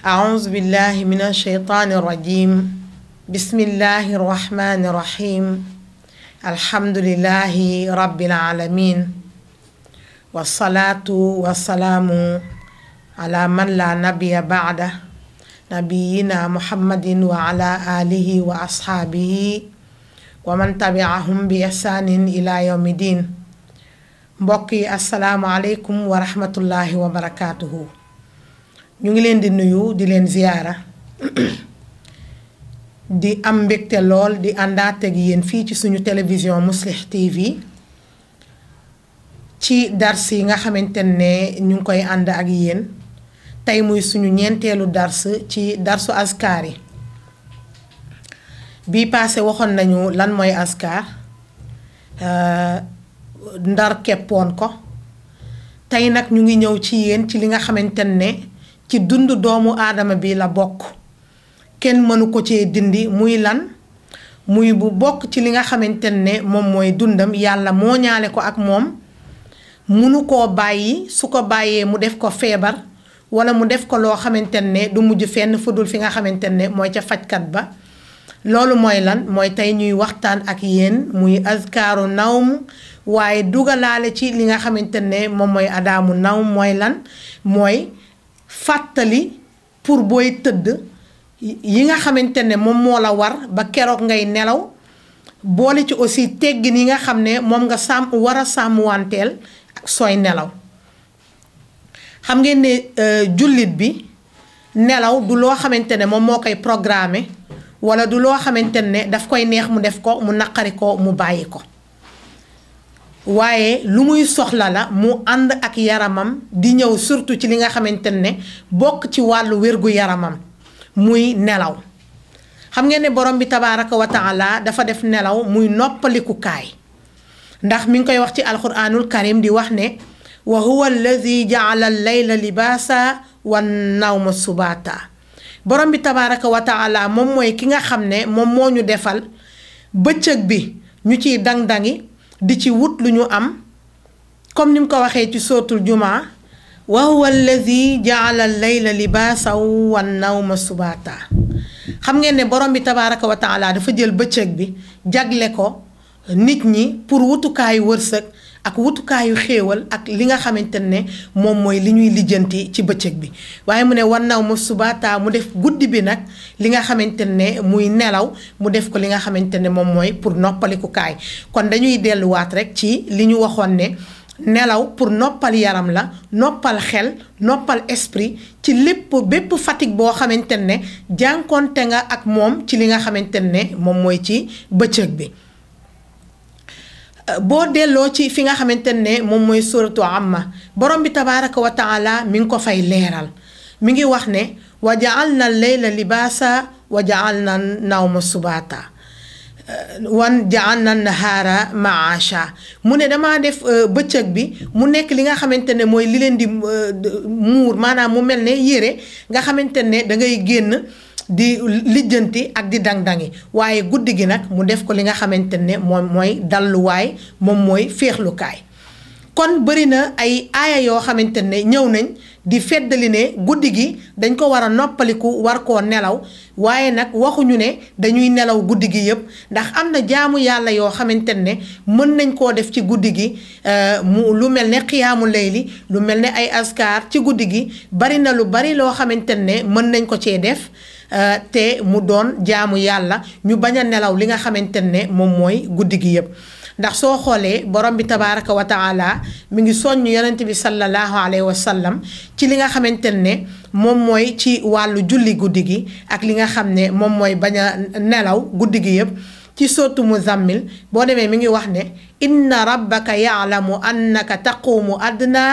أعوذ بالله من الشيطان الرجيم بسم الله الرحمن الرحيم الحمد لله رب العالمين والصلاة والسلام على من لا نبي بعده نبينا محمد وعلى آله وأصحابه ومن تبعهم بإحسان إلى يوم الدين mbokk yi asalaamualeykum wa rahmatullahi wa barakaatuhu ñu ngi leen di nuyu di leen ziyaara di am mbégte lool di àndaate ak yéen fii ci suñu télévision Mouslih TV ci dars yi nga xamante ne ñu ngi koy ànd ak yéen tey muy suñu ñeenteelu dars ci darsu askar yi bii paase waxoon nañu lan mooy askar ndar keppoon ko tey nag ñu ngi ñëw ci yéen ci li nga xamante ne ci dund doomu aadama bi la bokk kenn mënu ko ci dindi muy lan muy bu bokk ci li nga xamante ne moom mooy dundam yàlla moo ñaale ko ak moom munu koo bàyyi su ko bàyyee mu def ko feebar wala mu def ko loo xamante ne du mujj fenn fudul fi nga xamante ne mooy ca fajkat ba loolu mooy lan mooy tey ñuy waxtaan ak yéen muy azkaaru nawm waaye dugalaale ci li nga xamante ne moom mooy adaamu nawm mooy lan mooy fàttali pour booy tëdd yi nga xamante ne moom moo la war ba keroog ngay nelaw boole ci aussi teggin yi nga xam ne moom nga sàmm war a sàmmwanteel sooy nelaw xam ngeen ne euh, jullit bi nelaw du loo xamante ne moom moo koy programmer wala du loo xamante ne daf koy neex mu def ko mu naqari ko mu bàyyi ko waaye lu muy soxla la mu ànd ak yaramam di ñëw surtout ci li nga xamante ne bokk ci wàllu wérgu yaramam muy nelaw xam ngeen ne borom bi tabaaraka wa taala dafa def nelaw muy noppalikukaay ndax mi ngi koy wax ci alquranul karim di wax ne wa huwa alladi jaala al-layla libaasa wa nawma subaata borom bi tabaaraka wa moom mooy ki nga xam ne moom moo ñu defal bëccëg bi ñu ciy dang-dangi di ci wut lu ñu am comme ni mu ko waxee ci sootul jumaa wa huwa alladi jaala layla libaasaw wan ma subaata xam ngeen ne borom bi tabaaraka wa taala dafa jël bëccëg bi jagle ko nit ñi pour wutukaayu wërsëg ak wutukaayu xéewal ak li nga xamante ne moom mooy li ñuy lijjanti ci bëccëg bi waaye mu ne war naw ma subataa mu def guddi bi nag li nga xamante ne muy nelaw mu def ko li nga xamante ne moom mooy pour noppalikukaay kon dañuy delluwaat rek ci li ñu waxoon ne nelaw pour noppal yaram la noppal xel noppal esprit ci lépp bépp fatigue boo xamante ne jànkoonte nga ak moom ci li nga xamante ne moom mooy ci bëccëg bi boo delloo ci fi nga xamante ne moom mooy am ma borom bi tabaaraka wa taala mi ngi ko fay leeral mi ngi wax ne wa jaalna la libaasa wa jaalna nawma subaata wan jaalna nahaara maasha mu ne damaa def euh, bëccëg bi mu nekk li nga xamante ne mooy li leen di euh, muur maanaam mu mel ne yére nga xamante ne da ngay génn di lijjanti ak di dang-dangi waaye guddi gi nag mu def ko li nga xamante ne moom mooy dalluwaay moom mooy féexlukaay kon bëri na ay aaya yoo xamante ne ñëw nañ di feddali ne guddi gi dañ ko war a noppaliku war koo nelaw waaye nag waxuñu ne dañuy nelaw guddi gi yëpp ndax am na jaamu yàlla yoo xamante ne mën nañ koo def ci guddi gi euh, mu lu mel ne xiyaamu layli lu mel ne ay askar ci guddi gi bari na lu bari loo xamante ne mën nañ ko cee def Euh, te mu doon jaamu yàlla ñu bañ a nelaw li nga xamante ne moom mooy guddi gi yëpp ndax soo xoolee borom bi tabaraka wa taala mi ngi soññ yonent bi sallallahu alayhi wa sallam ci li nga xamante ne moom mooy ci wàllu julli guddi gi ak li nga xam ne moom mooy bañ a nelaw guddi gi yëpp ci sootu muzammil boo demee mi ngi wax ne inna rabbaka yaalamu annaka taquumu adna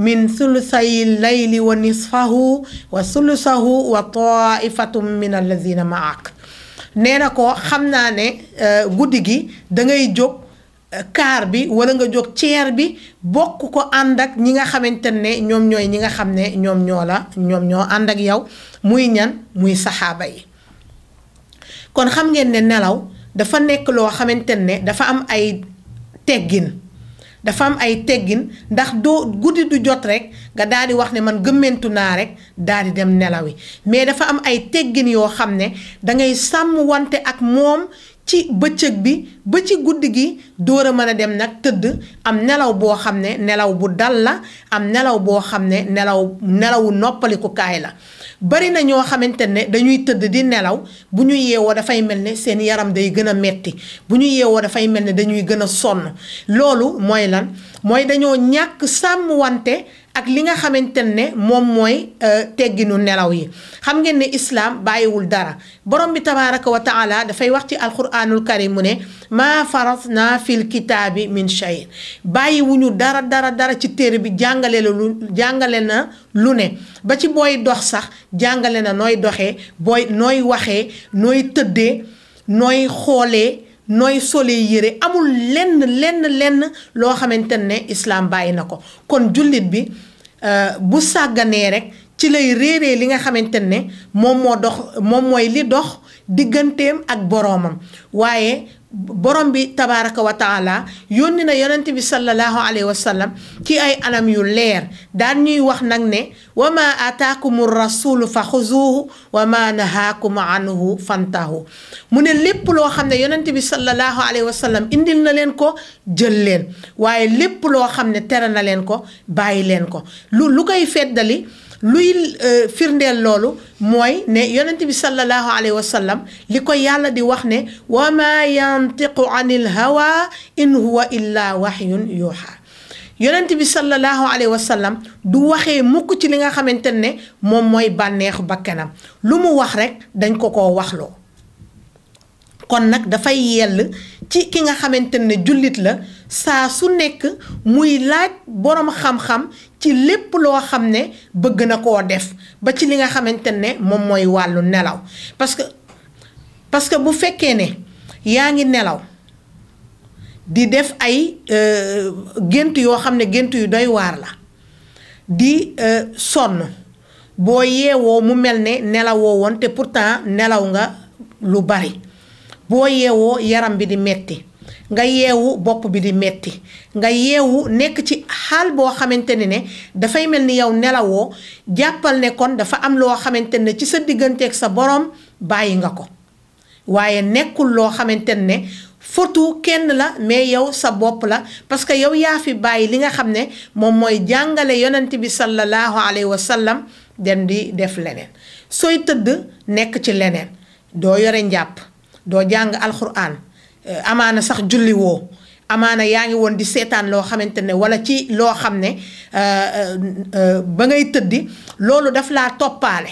min sulusay layli wa nisfahu wa sulusahu wa taifatum min allazina maak nee na ko xam naa ne euh, guddi gi dangay jóg euh, kaar bi wala nga jóg ceer bi bokk ko ànd ak ñi nga xamante ne ñoom ñooy ñi nga xam ne ñoom ñoo la ñoom ñoo ànd ak yow muy ñan muy saxaaba yi kon xam ngeen ne nelaw dafa nekk loo xamante ne dafa am ay teggin dafa am ay teggin ndax doo guddi du jot rek nga daal di wax ne man gëmmentu naa rek daal di dem nelawi mais dafa am ay teggin yoo xam ne dangay sàmm wante ak moom ci bëccëg bi ba ci guddi gi door a mën a dem nag tëdd am nelaw boo xam ne nelaw bu dal la am nelaw boo xam ne nelaw nelawu noppaliku la bari na ñoo xamante ne dañuy tëdd di nelaw bu ñu yeewoo dafay mel ne seen yaram day gën a metti bu ñu yeewoo dafay mel ne dañuy gën a sonn loolu mooy lan mooy dañoo ñàkk sàmm wante ak li nga xamante ne moom mooy euh, tegginu nelaw yi xam ngeen ne islaam bàyyiwul dara borom bi tabaaraka wa dafay wax ci alquranul karim mu ne maa naa fil kitaabi min shay bàyyiwuñu dara dara dara ci téere bi jàngale la lu jàngale na lu ne ba ci booy dox sax jàngale na nooy doxe booy nooy waxee nooy tëddee nooy xoole nooy sole yére amul lenn lenn loo xamante ne islaam bàyyi na ko kon jullit bi euh, bu sàgganee rek ci lay réere li nga xamante moom moo dox moom mooy li dox digganteem ak boroomam waaye borom bi tabaraka wa taala yónni na yonent bi sallallahu alayhi wa sallam ci ay anam yu leer daan ñuy wax nag ne wa ma ataakumu rasulu fa xuzuhu wa ma nahaakum anhu fantahu mu ne lépp loo xam ne yonent bi sallallahu alayhi wa sallam indil na leen ko jël leen waaye lépp loo xam ne tere na leen ko bàyyi leen ko lu lu koy feddali luy euh, firndeel loolu mooy ne yonent bi sallallahu alayhi wa li ko yàlla di wax ne wa ma yantiqu anil hawa in huwa illa waxyun yuuxa yonent bi sallallahu alayhi wa sallam du waxee mukk ci li nga xamante ne moom mooy bànneexu bakkanam lu mu wax rekk dañ ko ko waxloo kon nag dafay yell ci ki nga xamante ne jullit la saa su nekk muy laaj boroom xam-xam ci lépp loo xam ne bëgg na koo def ba ci li nga xamante ne moom mooy wàllu nelaw parce que parce que bu fekkee ne yaa ngi nelaw di def ay euh, gént yoo xam ne gént yu doy waar la di euh, sonn boo yeewoo mu mel ne nelawoo woon te pourtant nelaw nga lu bari boo yeewoo yaram bi di metti nga yeewu bopp bi di metti nga yeewu nekk ci xaal boo xamante ni ne dafay mel ni yow nelawoo jàppal ne kon dafa am loo xamante ne ci sa digganteeg sa boroom bàyyi nga ko waaye nekkul loo xamante ne fotu kenn la mais yow sa bopp la parce que yow yaa fi bàyyi li nga xam ne moom mooy jàngale yonant bi sallallahu alayhi wa sallam dem di def leneen sooy tëdd nekk ci leneen doo yore njàpp doo jàng alxuraan Euh, amaana sax julli woo amaana yaa ngi woon di seetaan loo xamante ne wala ci loo xam ne euh, euh, ba ngay tëddi loolu daf laa toppaale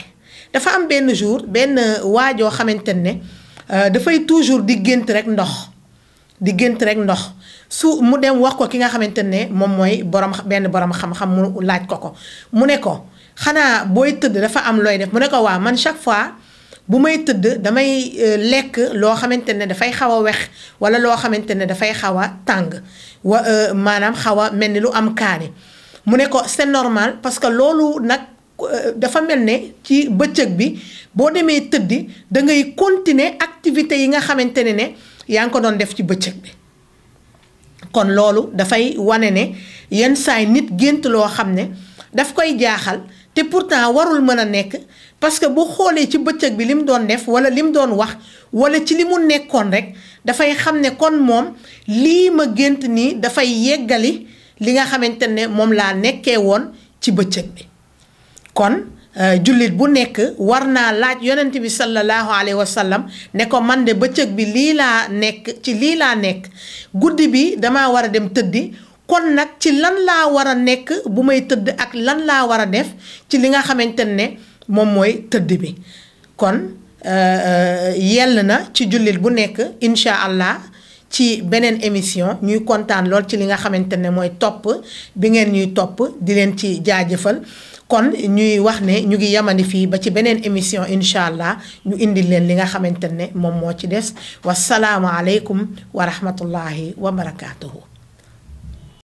dafa am benn jour benn waajoo xamante ne dafay toujours di gént rek ndox di gént rek ndox su mu dem wax ko ki nga xamante ne moom mooy borom benn borom xam-xam mu laaj ko ko mu ne ko xanaa booy tëdd dafa am looy def mu ne ko waa man chaque fois. bu may tëdd damay euh, lekk loo xamante ne dafay xaw a wex wala loo xamante ne dafay xaw tàng wa euh, maanaam xaw mel ni lu am kaani mu ne ko c'est normal parce que loolu nag euh, dafa mel ne ci bëccëg bi boo demee tëddi da ngay continuer activités yi nga xamante ne ne yaa ngi ko doon def ci bëccëg bi kon loolu dafay wane ne yenn saay nit gént loo xam ne daf koy jaaxal te pourtant warul mën a nekk parce que boo xoolee ci bëccëg bi li mu doon def wala li mu doon wax wala ci li mu nekkoon rek dafay xam ne kon moom lii ma gént nii dafay yeggali li nga xamante ne moom laa nekkee woon ci bëccëg bi kon euh, jullit bu nekk war naa laaj yonent bi sallallahu alayhi wa sallam ne ko man de bëccëg bi lii laa nekk ci lii laa nekk guddi bi damaa war a dem tëddi kon nag ci lan laa war a nekk bu may tëdd ak lan laa war a def ci li nga xamante ne moom mooy tëdd bi kon euh, euh, yell na ci jullit bu nekk incha allah ci beneen émission ñuy kontaan lool ci li nga xamante ne mooy topp bi ngeen ñuy topp di leen ci jaajëfal kon ñuy wax ne ñu ngi yamani fii ba ci beneen émission incha allah ñu indil leen li nga xamante ne moom moo ci des wasalaamu aleykum wa rahmatullahi wa barakaatuhu